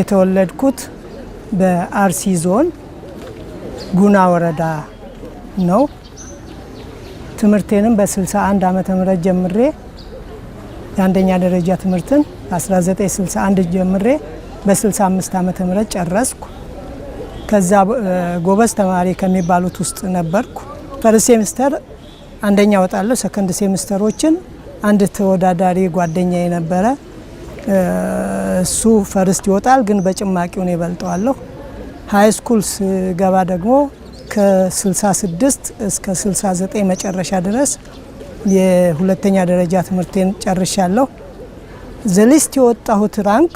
የተወለድኩት በአርሲ ዞን ጉና ወረዳ ነው። ትምህርቴንም በ61 ዓመተ ምህረት ጀምሬ የአንደኛ ደረጃ ትምህርትን በ1961 ጀምሬ በ65 ዓመተ ምህረት ጨረስኩ። ከዛ ጎበዝ ተማሪ ከሚባሉት ውስጥ ነበርኩ። ፈርስ ሴምስተር አንደኛ ወጣለሁ። ሰከንድ ሴምስተሮችን አንድ ተወዳዳሪ ጓደኛ የነበረ እሱ ፈርስት ይወጣል፣ ግን በጭማቂው ነው የበልጠዋለሁ። ሀይ ስኩል ስገባ ደግሞ ከ66 እስከ 69 መጨረሻ ድረስ የሁለተኛ ደረጃ ትምህርቴን ጨርሻለሁ። ዘሊስት የወጣሁት ራንክ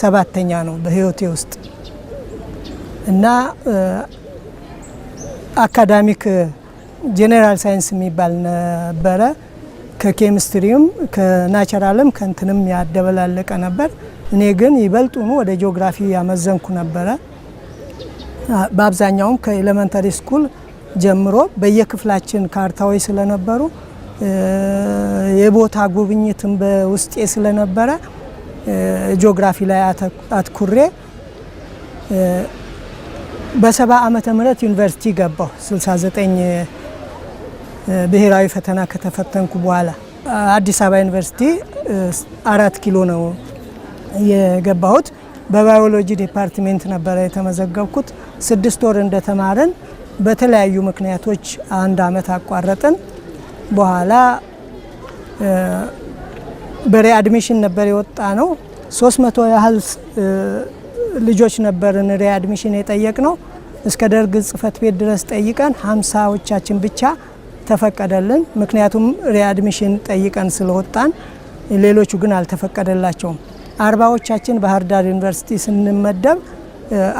ሰባተኛ ነው በህይወቴ ውስጥ እና አካዳሚክ ጄኔራል ሳይንስ የሚባል ነበረ ከኬሚስትሪም ከናቸራልም ከንትንም ያደበላለቀ ነበር። እኔ ግን ይበልጡኑ ወደ ጂኦግራፊ ያመዘንኩ ነበረ። በአብዛኛውም ከኤሌመንታሪ ስኩል ጀምሮ በየክፍላችን ካርታዎች ስለነበሩ የቦታ ጉብኝትም በውስጤ ስለነበረ ጂኦግራፊ ላይ አትኩሬ በሰባ ዓመተ ምህረት ዩኒቨርሲቲ ገባሁ 69 ብሔራዊ ፈተና ከተፈተንኩ በኋላ አዲስ አበባ ዩኒቨርሲቲ አራት ኪሎ ነው የገባሁት። በባዮሎጂ ዲፓርትሜንት ነበረ የተመዘገብኩት። ስድስት ወር እንደተማርን በተለያዩ ምክንያቶች አንድ አመት አቋረጥን። በኋላ በሪአድሚሽን ነበር የወጣ ነው። ሶስት መቶ ያህል ልጆች ነበርን ሪአድሚሽን የጠየቅ ነው። እስከ ደርግ ጽህፈት ቤት ድረስ ጠይቀን ሀምሳዎቻችን ብቻ ተፈቀደልን። ምክንያቱም ሪአድሚሽን ጠይቀን ስለወጣን፣ ሌሎቹ ግን አልተፈቀደላቸውም። አርባዎቻችን ባህር ዳር ዩኒቨርሲቲ ስንመደብ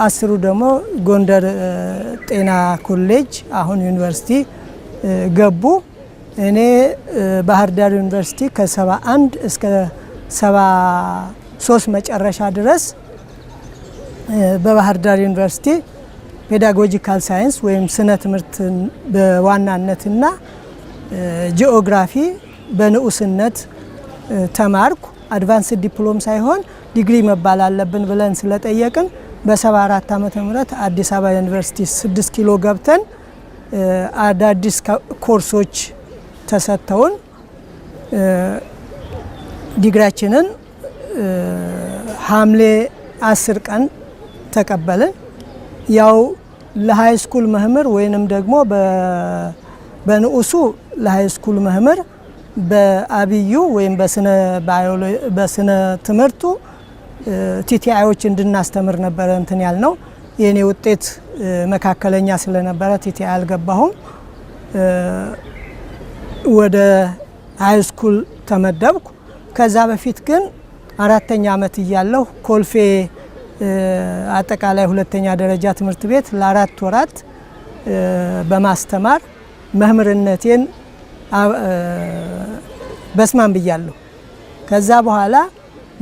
አስሩ ደግሞ ጎንደር ጤና ኮሌጅ አሁን ዩኒቨርሲቲ ገቡ። እኔ ባህር ዳር ዩኒቨርሲቲ ከ71 እስከ 73 መጨረሻ ድረስ በባህር ዳር ዩኒቨርሲቲ ፔዳጎጂካል ሳይንስ ወይም ስነ ትምህርትን በዋናነትና ጂኦግራፊ በንዑስነት ተማርኩ። አድቫንስ ዲፕሎም ሳይሆን ዲግሪ መባል አለብን ብለን ስለጠየቅን በ74 ዓመተ ምህረት አዲስ አበባ ዩኒቨርሲቲ 6 ኪሎ ገብተን አዳዲስ ኮርሶች ተሰጥተውን ዲግሪያችንን ሐምሌ 10 ቀን ተቀበልን። ያው ለሃይ ስኩል መምህር ወይንም ደግሞ በንዑሱ ለሃይ ስኩል መምህር በአብዩ ወይም በስነ ትምህርቱ ቲቲአዮች እንድናስተምር ነበረ እንትን ነው። የእኔ ውጤት መካከለኛ ስለነበረ ቲቲአይ አልገባሁም። ወደ ሃይ ስኩል ተመደብኩ። ከዛ በፊት ግን አራተኛ ዓመት እያለሁ ኮልፌ አጠቃላይ ሁለተኛ ደረጃ ትምህርት ቤት ለአራት ወራት በማስተማር መምህርነቴን በስማም ብያለሁ። ከዛ በኋላ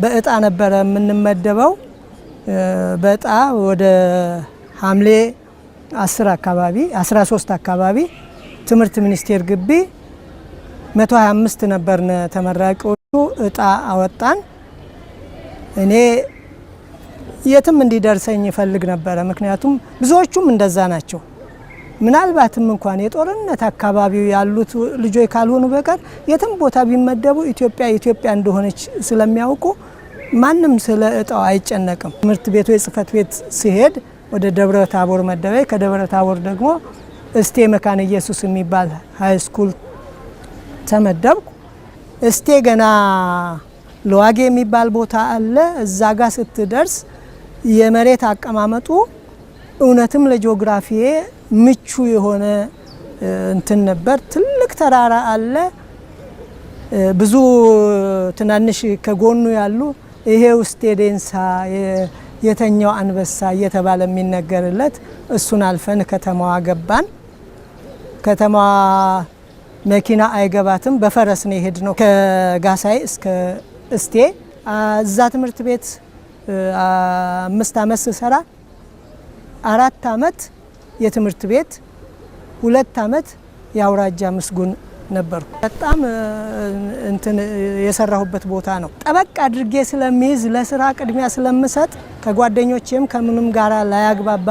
በእጣ ነበረ የምንመደበው። በእጣ ወደ ሐምሌ 10 አካባቢ 13 አካባቢ ትምህርት ሚኒስቴር ግቢ 125 ነበርን ተመራቂዎቹ፣ እጣ አወጣን እኔ የትም እንዲደርሰኝ ይፈልግ ነበረ። ምክንያቱም ብዙዎቹም እንደዛ ናቸው። ምናልባትም እንኳን የጦርነት አካባቢው ያሉት ልጆች ካልሆኑ በቀር የትም ቦታ ቢመደቡ ኢትዮጵያ ኢትዮጵያ እንደሆነች ስለሚያውቁ ማንም ስለ እጣው አይጨነቅም። ትምህርት ቤቱ የጽህፈት ቤት ሲሄድ ወደ ደብረ ታቦር መደበይ፣ ከደብረ ታቦር ደግሞ እስቴ መካነ ኢየሱስ የሚባል ሀይ ስኩል ተመደብኩ። እስቴ ገና ለዋጌ የሚባል ቦታ አለ። እዛ ጋር ስትደርስ የመሬት አቀማመጡ እውነትም ለጂኦግራፊ ምቹ የሆነ እንትን ነበር። ትልቅ ተራራ አለ፣ ብዙ ትናንሽ ከጎኑ ያሉ ይሄ ውስጥ የዴንሳ የተኛው አንበሳ እየተባለ የሚነገርለት እሱን አልፈን ከተማዋ ገባን። ከተማዋ መኪና አይገባትም፣ በፈረስ ነው የሄድ ነው ከጋሳይ እስከ እስቴ እዛ ትምህርት ቤት አምስት አመት ስሰራ አራት አመት የትምህርት ቤት ሁለት አመት የአውራጃ ምስጉን ነበርኩ። በጣም እንትን የሰራሁበት ቦታ ነው። ጠበቅ አድርጌ ስለሚይዝ ለስራ ቅድሚያ ስለምሰጥ ከጓደኞቼም ከምንም ጋራ ላያግባባ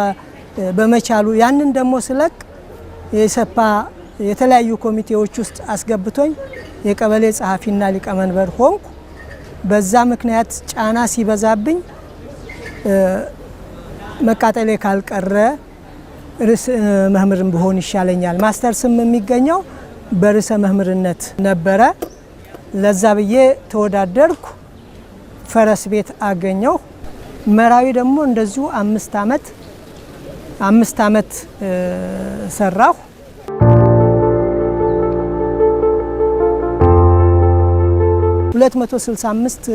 በመቻሉ ያንን ደግሞ ስለቅ የሰፓ የተለያዩ ኮሚቴዎች ውስጥ አስገብቶኝ የቀበሌ ጸሐፊና ሊቀመንበር ሆንኩ። በዛ ምክንያት ጫና ሲበዛብኝ መቃጠሌ ካልቀረ ርዕሰ መምህርን ብሆን ይሻለኛል። ማስተርስም የሚገኘው በርዕሰ መምህርነት ነበረ። ለዛ ብዬ ተወዳደርኩ። ፈረስ ቤት አገኘው። መራዊ ደግሞ እንደዚሁ አምስት ዓመት አምስት ዓመት ሰራሁ። 265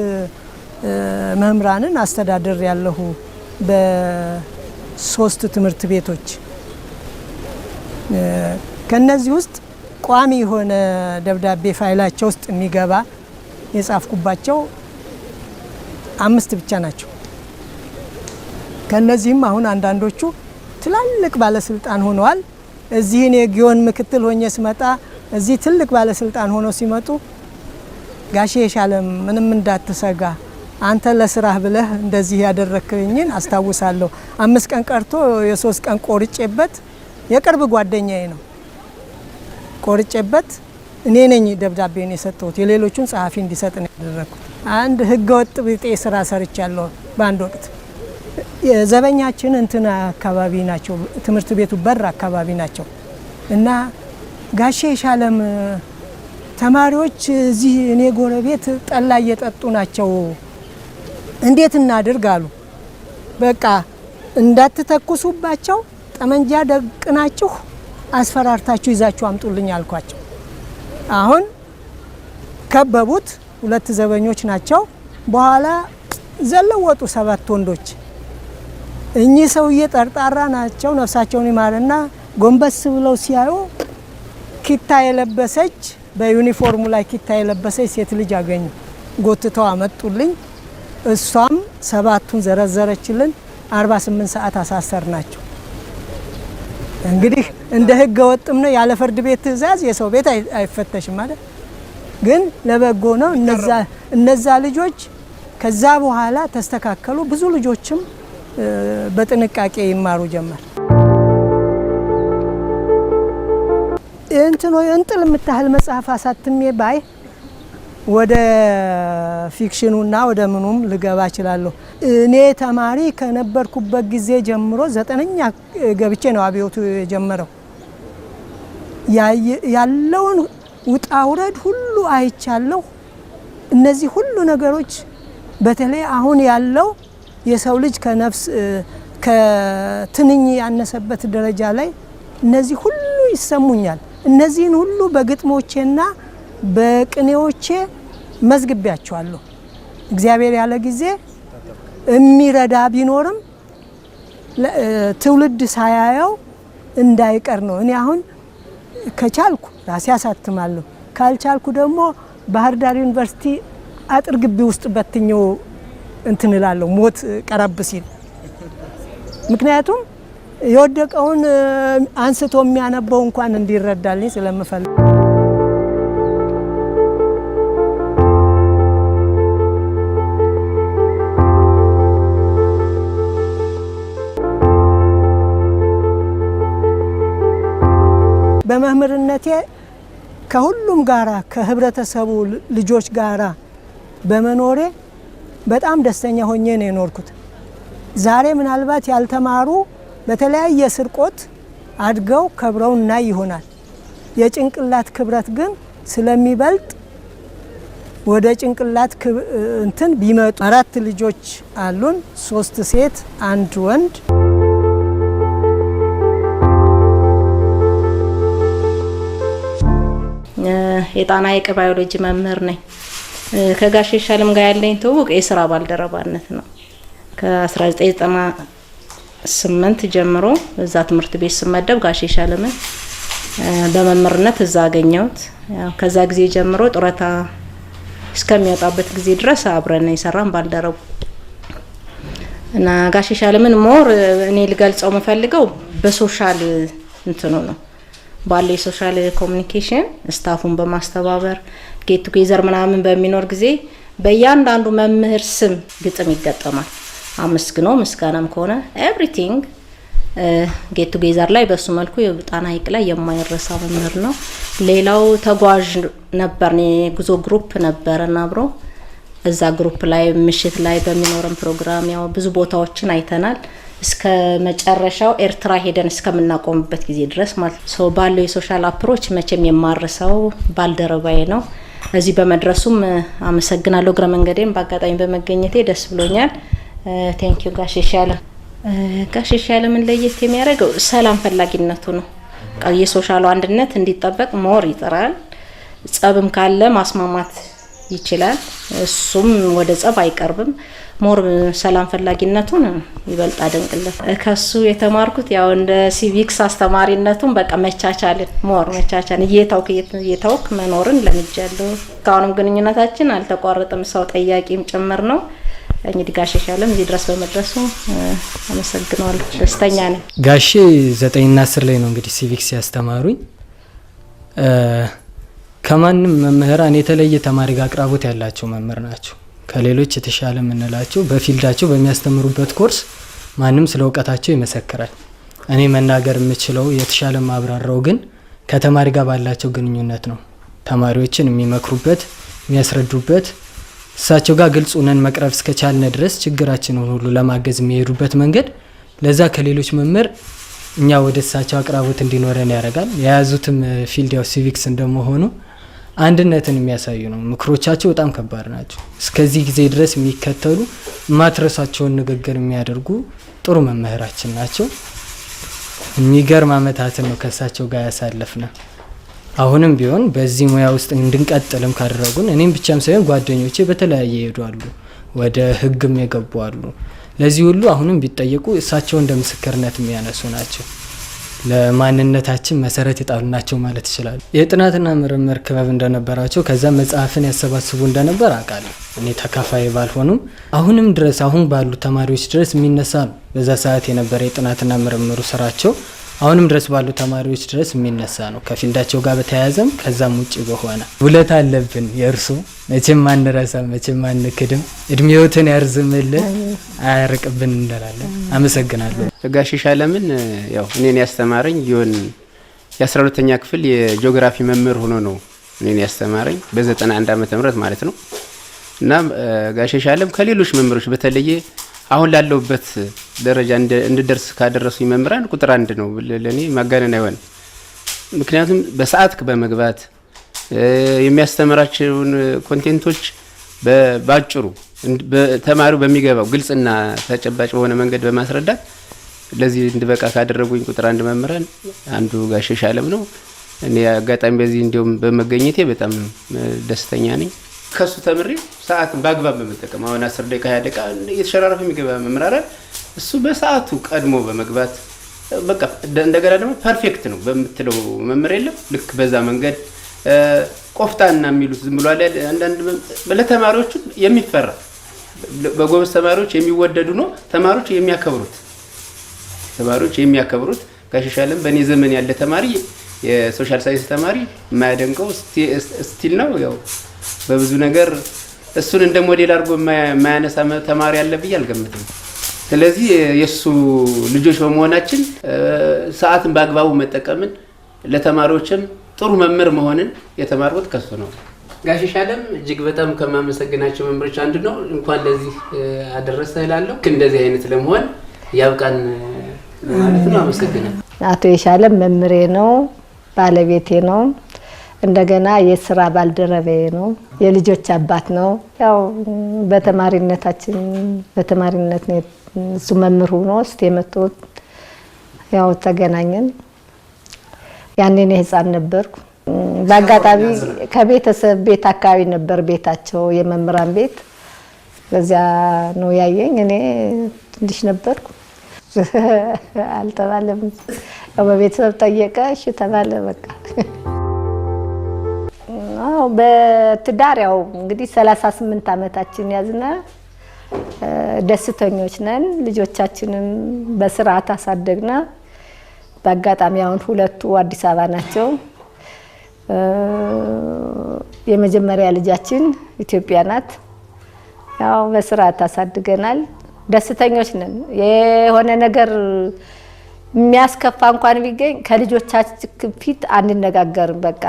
መምህራንን አስተዳደር ያለሁ በሶስት ትምህርት ቤቶች ከነዚህ ውስጥ ቋሚ የሆነ ደብዳቤ ፋይላቸው ውስጥ የሚገባ የጻፍኩባቸው አምስት ብቻ ናቸው። ከነዚህም አሁን አንዳንዶቹ ትላልቅ ባለስልጣን ሆነዋል። እዚህ እኔ ጊዮን ምክትል ሆኜ ስመጣ እዚህ ትልቅ ባለስልጣን ሆነው ሲመጡ ጋሼ የሻለም ምንም እንዳትሰጋ አንተ ለስራህ ብለህ እንደዚህ ያደረክኝን አስታውሳለሁ። አምስት ቀን ቀርቶ የሶስት ቀን ቆርጬበት የቅርብ ጓደኛዬ ነው ቆርጬበት እኔ ነኝ ደብዳቤን የሰጠሁት የሌሎቹን ጸሐፊ እንዲሰጥ ነው ያደረግኩት። አንድ ህገ ወጥ ብጤ ስራ ሰርቻለሁ በአንድ ወቅት የዘበኛችን እንትን አካባቢ ናቸው ትምህርት ቤቱ በር አካባቢ ናቸው እና ጋሼ የሻለም ተማሪዎች እዚህ እኔ ጎረቤት ጠላ እየጠጡ ናቸው፣ እንዴት እናድርግ አሉ። በቃ እንዳትተኩሱባቸው ጠመንጃ ደቅናችሁ አስፈራርታችሁ ይዛችሁ አምጡልኝ አልኳቸው። አሁን ከበቡት። ሁለት ዘበኞች ናቸው። በኋላ ዘለወጡ ሰባት ወንዶች። እኚህ ሰውዬ ጠርጣራ ናቸው፣ ነፍሳቸውን ይማርና ጎንበስ ብለው ሲያዩ ኪታ የለበሰች በዩኒፎርሙ ላይ ኪታ የለበሰች ሴት ልጅ አገኙ። ጎትተው አመጡልኝ። እሷም ሰባቱን ዘረዘረችልን። 48 ሰዓት አሳሰር ናቸው። እንግዲህ እንደ ህገ ወጥም ነው ያለ ፍርድ ቤት ትዕዛዝ የሰው ቤት አይፈተሽም ማለት ግን ለበጎ ነው። እነዛ ልጆች ከዛ በኋላ ተስተካከሉ። ብዙ ልጆችም በጥንቃቄ ይማሩ ጀመር። እንትን እንጥል የምታህል መጽሐፍ አሳትሜ ባይ ወደ ፊክሽኑና ወደ ምኑም ልገባ እችላለሁ። እኔ ተማሪ ከነበርኩበት ጊዜ ጀምሮ ዘጠነኛ ገብቼ ነው አብዮቱ የጀመረው። ያለውን ውጣ ውረድ ሁሉ አይቻለሁ። እነዚህ ሁሉ ነገሮች በተለይ አሁን ያለው የሰው ልጅ ከነፍስ ከትንኝ ያነሰበት ደረጃ ላይ እነዚህ ሁሉ ይሰሙኛል። እነዚህን ሁሉ በግጥሞቼና በቅኔዎቼ መዝግቢያቸዋለሁ። እግዚአብሔር ያለ ጊዜ የሚረዳ ቢኖርም ትውልድ ሳያየው እንዳይቀር ነው። እኔ አሁን ከቻልኩ ራሴ አሳትማለሁ፣ ካልቻልኩ ደግሞ ባህር ዳር ዩኒቨርሲቲ አጥር ግቢ ውስጥ በትኜው እንትንላለሁ ሞት ቀረብ ሲል ምክንያቱም የወደቀውን አንስቶ የሚያነበው እንኳን እንዲረዳልኝ ስለምፈልግ በመምህርነቴ ከሁሉም ጋራ ከህብረተሰቡ ልጆች ጋራ በመኖሬ በጣም ደስተኛ ሆኜ ነው የኖርኩት። ዛሬ ምናልባት ያልተማሩ በተለያየ ስርቆት አድገው ከብረው እናይ ይሆናል። የጭንቅላት ክብረት ግን ስለሚበልጥ ወደ ጭንቅላት እንትን ቢመጡ አራት ልጆች አሉን፣ ሶስት ሴት አንድ ወንድ። የጣና ሐይቅ ባዮሎጂ መምህር ነኝ። ከጋሽ ሻለም ጋር ያለኝ ትውውቅ የስራ ባልደረባነት ነው ከ1990 ስምንት ጀምሮ እዛ ትምህርት ቤት ስመደብ ጋሼ ሻለምን በመምህርነት እዛ አገኘሁት። ከዛ ጊዜ ጀምሮ ጡረታ እስከሚወጣበት ጊዜ ድረስ አብረን የሰራን ባልደረቡ እና ጋሼ ሻለምን ሞር እኔ ልገልጸው የምፈልገው በሶሻል እንትኑ ነው ባለው የሶሻል ኮሚኒኬሽን ስታፉን በማስተባበር ጌት ቱጌዘር ምናምን በሚኖር ጊዜ በእያንዳንዱ መምህር ስም ግጥም ይገጠማል። አመስግኖ ምስጋናም ከሆነ ኤቭሪቲንግ ጌት ቱጌዘር ላይ በሱ መልኩ የጣና ሐይቅ ላይ የማይረሳ መምህር ነው። ሌላው ተጓዥ ነበር፣ የጉዞ ግሩፕ ነበረን አብሮ። እዛ ግሩፕ ላይ ምሽት ላይ በሚኖረን ፕሮግራም ያው ብዙ ቦታዎችን አይተናል። እስከ መጨረሻው ኤርትራ ሄደን እስከምናቆምበት ጊዜ ድረስ ማለት ነው። ባለው የሶሻል አፕሮች መቼም የማረሳው ባልደረባዬ ነው። እዚህ በመድረሱም አመሰግናለሁ። እግረ መንገዴን በአጋጣሚ በመገኘቴ ደስ ብሎኛል። ቴንኪዩ ጋሽ ይሻለም። ጋሽ ይሻለምን ለየት የሚያደርገው ሰላም ፈላጊነቱ ነው። የሶሻሉ አንድነት እንዲጠበቅ ሞር ይጥራል። ጸብም ካለ ማስማማት ይችላል። እሱም ወደ ጸብ አይቀርብም። ሞር ሰላም ፈላጊነቱን ይበልጥ አደንቅለት። ከሱ የተማርኩት ያው እንደ ሲቪክስ አስተማሪነቱን በቃ መቻቻልን ሞር መቻቻልን እየታውክ እየታውክ መኖርን ለምጃለሁ። እስካሁንም ግንኙነታችን አልተቋረጠም። ሰው ጠያቂም ጭምር ነው። እንግዲህ ጋሼ ሻለም እዚህ ድረስ በመድረሱ አመሰግነዋል። ደስተኛ ነኝ። ጋሼ ዘጠኝና አስር ላይ ነው እንግዲህ ሲቪክስ ያስተማሩኝ። ከማንም መምህራን የተለየ ተማሪ ጋር አቅራቦት ያላቸው መምህር ናቸው። ከሌሎች የተሻለ የምንላቸው በፊልዳቸው በሚያስተምሩበት ኮርስ ማንም ስለ እውቀታቸው ይመሰክራል። እኔ መናገር የምችለው የተሻለ ማብራራው ግን ከተማሪ ጋር ባላቸው ግንኙነት ነው። ተማሪዎችን የሚመክሩበት የሚያስረዱበት እሳቸው ጋር ግልጽ ሆነን መቅረብ እስከቻልን ድረስ ችግራችንን ሁሉ ለማገዝ የሚሄዱበት መንገድ ለዛ ከሌሎች መምህር እኛ ወደ እሳቸው አቅራቦት እንዲኖረን ያደርጋል። የያዙትም ፊልድ ያው ሲቪክስ እንደመሆኑ አንድነትን የሚያሳዩ ነው። ምክሮቻቸው በጣም ከባድ ናቸው። እስከዚህ ጊዜ ድረስ የሚከተሉ ማትረሳቸውን ንግግር የሚያደርጉ ጥሩ መምህራችን ናቸው። የሚገርም አመታትን ነው ከእሳቸው ጋር ያሳለፍነ አሁንም ቢሆን በዚህ ሙያ ውስጥ እንድንቀጥልም ካደረጉን እኔም ብቻም ሳይሆን ጓደኞቼ በተለያየ ይሄዱ ወደ ህግም የገቡ አሉ። ለዚህ ሁሉ አሁንም ቢጠየቁ እሳቸው እንደ ምስክርነት የሚያነሱ ናቸው። ለማንነታችን መሰረት የጣሉ ናቸው ማለት ይችላሉ። የጥናትና ምርምር ክበብ እንደነበራቸው ከዛ መጽሐፍን ያሰባስቡ እንደነበር አውቃለሁ። እኔ ተካፋይ ባልሆኑም አሁንም ድረስ አሁን ባሉ ተማሪዎች ድረስ የሚነሳ ነው። በዛ ሰዓት የነበረ የጥናትና ምርምሩ ስራቸው አሁንም ድረስ ባሉ ተማሪዎች ድረስ የሚነሳ ነው ከፊልዳቸው ጋር በተያያዘም ከዛም ውጭ በሆነ ውለት አለብን። የእርሱ መቼም አንረሳም፣ መቼም አንክድም። እድሜዎትን ያርዝምልን፣ አያርቅብን እንላለን። አመሰግናለሁ። ጋሽ ለምን ያው እኔን ያስተማረኝ ይሆን የአስራ ሁለተኛ ክፍል የጂኦግራፊ መምህር ሆኖ ነው እኔን ያስተማረኝ በ91 ዓመተ ምህረት ማለት ነው እና ጋሽ አለም ከሌሎች መምህሮች በተለየ አሁን ላለሁበት ደረጃ እንድደርስ ካደረሱኝ መምህራን ቁጥር አንድ ነው። ለእኔ ማጋነን አይሆን። ምክንያቱም በሰዓት በመግባት የሚያስተምራቸውን ኮንቴንቶች በአጭሩ ተማሪው በሚገባው ግልጽና ተጨባጭ በሆነ መንገድ በማስረዳት ለዚህ እንድበቃ ካደረጉኝ ቁጥር አንድ መምህራን አንዱ ጋሸሽ አለም ነው። እኔ አጋጣሚ በዚህ እንዲሁም በመገኘቴ በጣም ደስተኛ ነኝ። ከሱ ተምሬ ሰዓትን በአግባብ በመጠቀም አሁን አስር ደቂቃ ሀያ ደቂቃ የተሸራረፈ የሚገባ መምራረ እሱ በሰዓቱ ቀድሞ በመግባት በቃ እንደገና ደግሞ ፐርፌክት ነው በምትለው መምህር የለም። ልክ በዛ መንገድ ቆፍጣና የሚሉት ዝም ብሏል። አንዳንድ ለተማሪዎቹ የሚፈራ በጎበዝ ተማሪዎች የሚወደዱ ነው። ተማሪዎች የሚያከብሩት ተማሪዎች የሚያከብሩት ጋሽ ሻለም በእኔ ዘመን ያለ ተማሪ የሶሻል ሳይንስ ተማሪ የማያደንቀው ስቲል ነው። ያው በብዙ ነገር እሱን እንደ ሞዴል አድርጎ የማያነሳ ተማሪ አለ ብዬ አልገምትም። ስለዚህ የእሱ ልጆች በመሆናችን ሰዓትን በአግባቡ መጠቀምን ለተማሪዎችም ጥሩ መምህር መሆንን የተማርኩት ከሱ ነው። ጋሽ አለም እጅግ በጣም ከማመሰግናቸው መምህሮች አንዱ ነው። እንኳን ለዚህ አደረሰ እላለሁ። እንደዚህ አይነት ለመሆን ያብቃን ማለት ነው። አመሰግናል። አቶ የሻለም መምሬ ነው። ባለቤቴ ነው። እንደገና የስራ ባልደረቤ ነው። የልጆች አባት ነው። ያው በተማሪነታችን በተማሪነት እሱ መምህር ሆኖ እስቲ የመጡት ያው ተገናኘን። ያኔን የህፃን ነበርኩ። በአጋጣሚ ከቤተሰብ ቤት አካባቢ ነበር ቤታቸው የመምህራን ቤት። በዚያ ነው ያየኝ። እኔ ትንሽ ነበርኩ። አልተባለም። በቤተሰብ ጠየቀ፣ እሺ ተባለ። በቃ በትዳር ያው እንግዲህ ሰላሳ ስምንት ዓመታችን ያዝነ። ደስተኞች ነን። ልጆቻችንም በስርዓት አሳደግነ። በአጋጣሚ አሁን ሁለቱ አዲስ አበባ ናቸው። የመጀመሪያ ልጃችን ኢትዮጵያ ናት። ያው በስርዓት አሳድገናል። ደስተኞች ነን። የሆነ ነገር የሚያስከፋ እንኳን ቢገኝ ከልጆቻችን ፊት አንነጋገርም። በቃ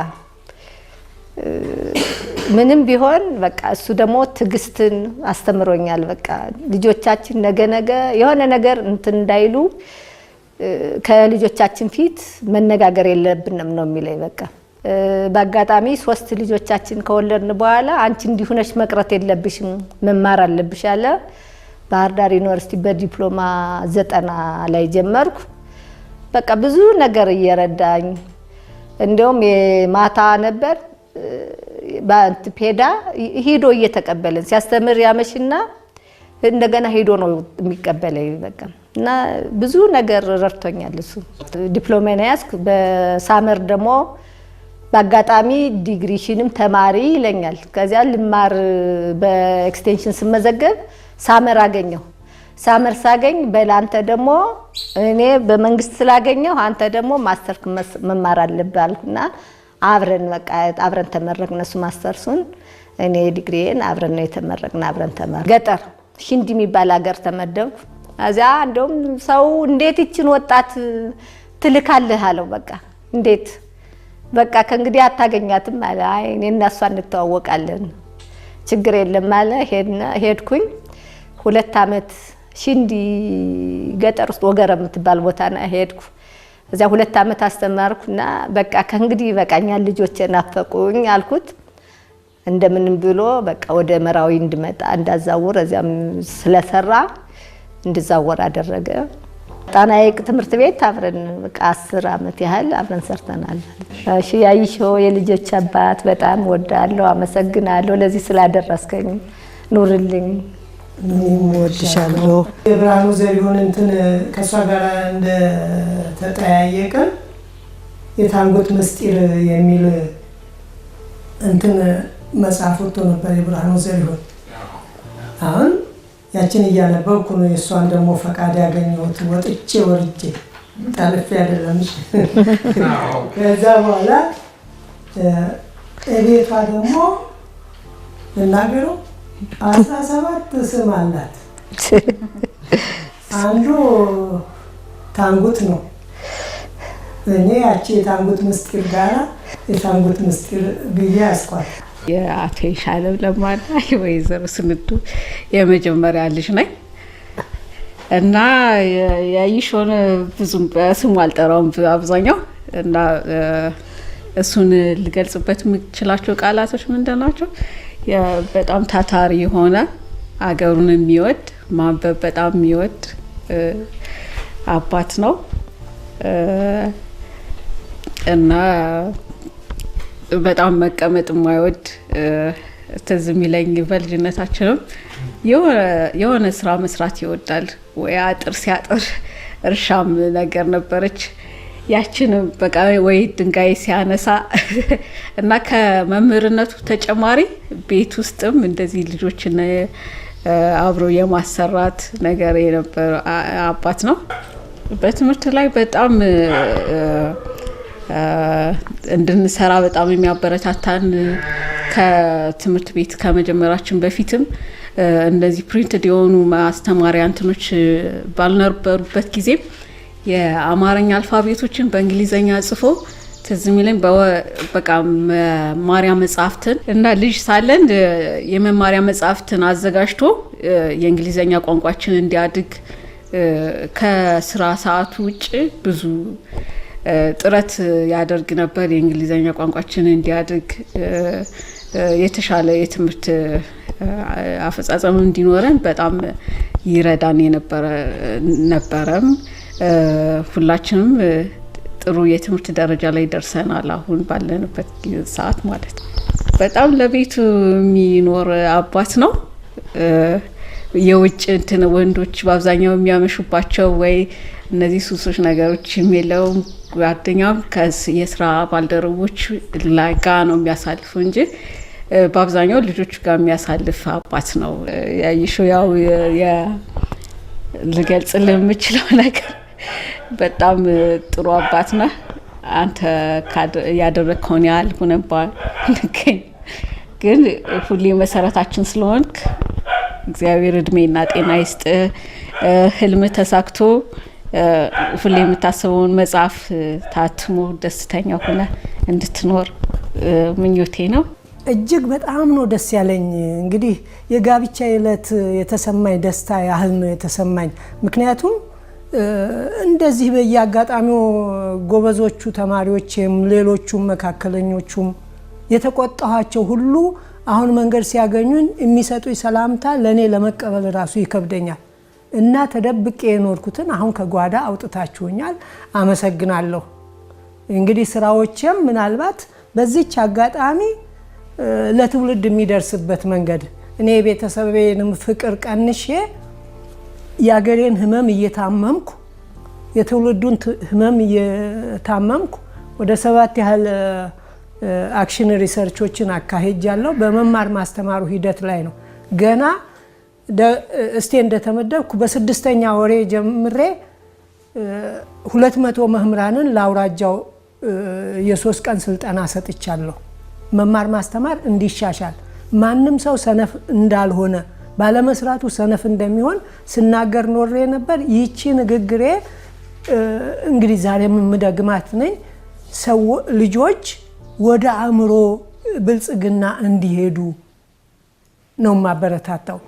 ምንም ቢሆን በቃ እሱ ደግሞ ትዕግስትን አስተምሮኛል። በቃ ልጆቻችን ነገ ነገ የሆነ ነገር እንትን እንዳይሉ ከልጆቻችን ፊት መነጋገር የለብንም ነው የሚለኝ። በቃ በአጋጣሚ ሶስት ልጆቻችን ከወለድን በኋላ አንቺ እንዲሁነሽ መቅረት የለብሽም መማር አለብሽ አለ። ባህር ዳር ዩኒቨርሲቲ በዲፕሎማ ዘጠና ላይ ጀመርኩ። በቃ ብዙ ነገር እየረዳኝ እንዲሁም የማታ ነበር ፔዳ ሂዶ እየተቀበለን ሲያስተምር ያመሽና እንደገና ሂዶ ነው የሚቀበለኝ። በቃ እና ብዙ ነገር ረድቶኛል እሱ። ዲፕሎማን ያዝኩ። በሳመር ደግሞ በአጋጣሚ ዲግሪሽንም ተማሪ ይለኛል። ከዚያ ልማር በኤክስቴንሽን ስመዘገብ ሳመር አገኘሁ። ሳመር ሳገኝ በላንተ አንተ ደግሞ እኔ በመንግስት ስላገኘሁ አንተ ደግሞ ማስተር መማር አለብህ አልኩና አብረን በቃ አብረን ተመረቅን። እሱ ማስተርሱን እኔ ዲግሪዬን አብረን ነው የተመረቅን። አብረን ተመረ ገጠር ሽንዲ የሚባል ሀገር ተመደብኩ። እዚያ እንደውም ሰው እንዴት ይችን ወጣት ትልካልህ አለው። በቃ እንዴት በቃ ከእንግዲህ አታገኛትም አለ። አይ እኔ እና እሷ እንተዋወቃለን ችግር የለም አለ። ሄድኩኝ ሁለት ዓመት ሽንዲ ገጠር ውስጥ ወገረ የምትባል ቦታ ና ሄድኩ። እዚያ ሁለት ዓመት አስተማርኩና በቃ ከእንግዲህ በቃኛ ልጆች ናፈቁኝ አልኩት። እንደምንም ብሎ በቃ ወደ መራዊ እንድመጣ እንዳዛውር እዚያም ስለሰራ እንድዛወር አደረገ። ጣና ሐይቅ ትምህርት ቤት አብረን በቃ አስር ዓመት ያህል አብረን ሰርተናል። እሺ ያይሾ የልጆች አባት በጣም ወዳለሁ፣ አመሰግናለሁ ለዚህ ስላደረስከኝ ኑርልኝ። ወድሻለሁ የብርሃኑ ዘሪሁን እንትን ከእሷ ጋር እንደተጠያየቀ የታንጎት ምስጢር የሚል እንትን መጽሐፍ ወጥቶ ነበር የብርሃኑ ዘሪሁን። አሁን ያችን እያነበብኩ ነው የእሷን ደግሞ ፈቃድ ያገኘሁት ወጥቼ ወርጄ ጠልፌ አይደለም። ከዛ በኋላ እቤቷ ደግሞ ልናገረው አስራ ሰባት ስም አላት። አንዱ ታንጉት ነው። እኔ ያቺ የታንጉት ምስጢር ጋራ የታንጉት ምስጢር ብዬ የአቶ ለማና የወይዘሮ ስንዱ የመጀመሪያ ልጅ ነኝ እና ያይሾን ብዙም ስሙ አልጠራውም አብዛኛው እና እሱን ልገልጽበት የምችላቸው ቃላቶች ምንድን ናቸው? በጣም ታታሪ የሆነ አገሩን የሚወድ ማንበብ በጣም የሚወድ አባት ነው እና በጣም መቀመጥ የማይወድ ትዝ የሚለኝ በልጅነታችንም የሆነ ስራ መስራት ይወዳል። ወይ አጥር ሲያጥር እርሻም ነገር ነበረች ያችን በቃ ወይ ድንጋይ ሲያነሳ እና ከመምህርነቱ ተጨማሪ ቤት ውስጥም እንደዚህ ልጆችን አብሮ የማሰራት ነገር የነበረ አባት ነው። በትምህርት ላይ በጣም እንድንሰራ በጣም የሚያበረታታን ከትምህርት ቤት ከመጀመራችን በፊትም እንደዚህ ፕሪንትድ የሆኑ ማስተማሪያ እንትኖች ባልነበሩበት ጊዜም የአማርኛ አልፋቤቶችን በእንግሊዘኛ ጽፎ ትዝ የሚለኝ በቃ መማሪያ መጽሐፍትን እና ልጅ ሳለን የመማሪያ መጽሐፍትን አዘጋጅቶ የእንግሊዘኛ ቋንቋችን እንዲያድግ ከስራ ሰዓቱ ውጭ ብዙ ጥረት ያደርግ ነበር። የእንግሊዘኛ ቋንቋችን እንዲያድግ የተሻለ የትምህርት አፈጻጸም እንዲኖረን በጣም ይረዳን የነበረ ነበረም ሁላችንም ጥሩ የትምህርት ደረጃ ላይ ደርሰናል፣ አሁን ባለንበት ሰዓት ማለት ነው። በጣም ለቤቱ የሚኖር አባት ነው። የውጭ እንትን ወንዶች በአብዛኛው የሚያመሹባቸው ወይ እነዚህ ሱሶች ነገሮች የሚለውም ጓደኛም የስራ ባልደረቦች ጋ ነው የሚያሳልፉ እንጂ በአብዛኛው ልጆቹ ጋር የሚያሳልፍ አባት ነው። ያየሽው ያው ልገልጽ የምችለው ነገር በጣም ጥሩ አባት ነህ አንተ። ያደረግከውን ያህል ሁነባል። ግን ሁሌ መሰረታችን ስለሆንክ እግዚአብሔር እድሜና ጤና ይስጥ። ህልም ተሳክቶ ሁሌ የምታስበውን መጽሐፍ ታትሞ ደስተኛ ሆነ እንድትኖር ምኞቴ ነው። እጅግ በጣም ነው ደስ ያለኝ። እንግዲህ የጋብቻ ዕለት የተሰማኝ ደስታ ያህል ነው የተሰማኝ ምክንያቱም እንደዚህ በየአጋጣሚው ጎበዞቹ ተማሪዎችም ሌሎቹም መካከለኞቹም የተቆጣኋቸው ሁሉ አሁን መንገድ ሲያገኙን የሚሰጡኝ ሰላምታ ለእኔ ለመቀበል ራሱ ይከብደኛል እና ተደብቄ የኖርኩትን አሁን ከጓዳ አውጥታችሁኛል፣ አመሰግናለሁ። እንግዲህ ስራዎችም ምናልባት በዚች አጋጣሚ ለትውልድ የሚደርስበት መንገድ እኔ የቤተሰቤንም ፍቅር ቀንሼ የአገሬን ህመም እየታመምኩ የትውልዱን ህመም እየታመምኩ ወደ ሰባት ያህል አክሽን ሪሰርቾችን አካሄጃለሁ። በመማር ማስተማሩ ሂደት ላይ ነው። ገና እስቴ እንደተመደብኩ በስድስተኛ ወሬ ጀምሬ ሁለት መቶ መምህራንን ለአውራጃው የሶስት ቀን ስልጠና ሰጥቻለሁ። መማር ማስተማር እንዲሻሻል ማንም ሰው ሰነፍ እንዳልሆነ ባለመስራቱ ሰነፍ እንደሚሆን ስናገር ኖሬ ነበር። ይቺ ንግግሬ እንግዲህ ዛሬ የምደግማት ነኝ። ሰው ልጆች ወደ አእምሮ ብልጽግና እንዲሄዱ ነው የማበረታታው።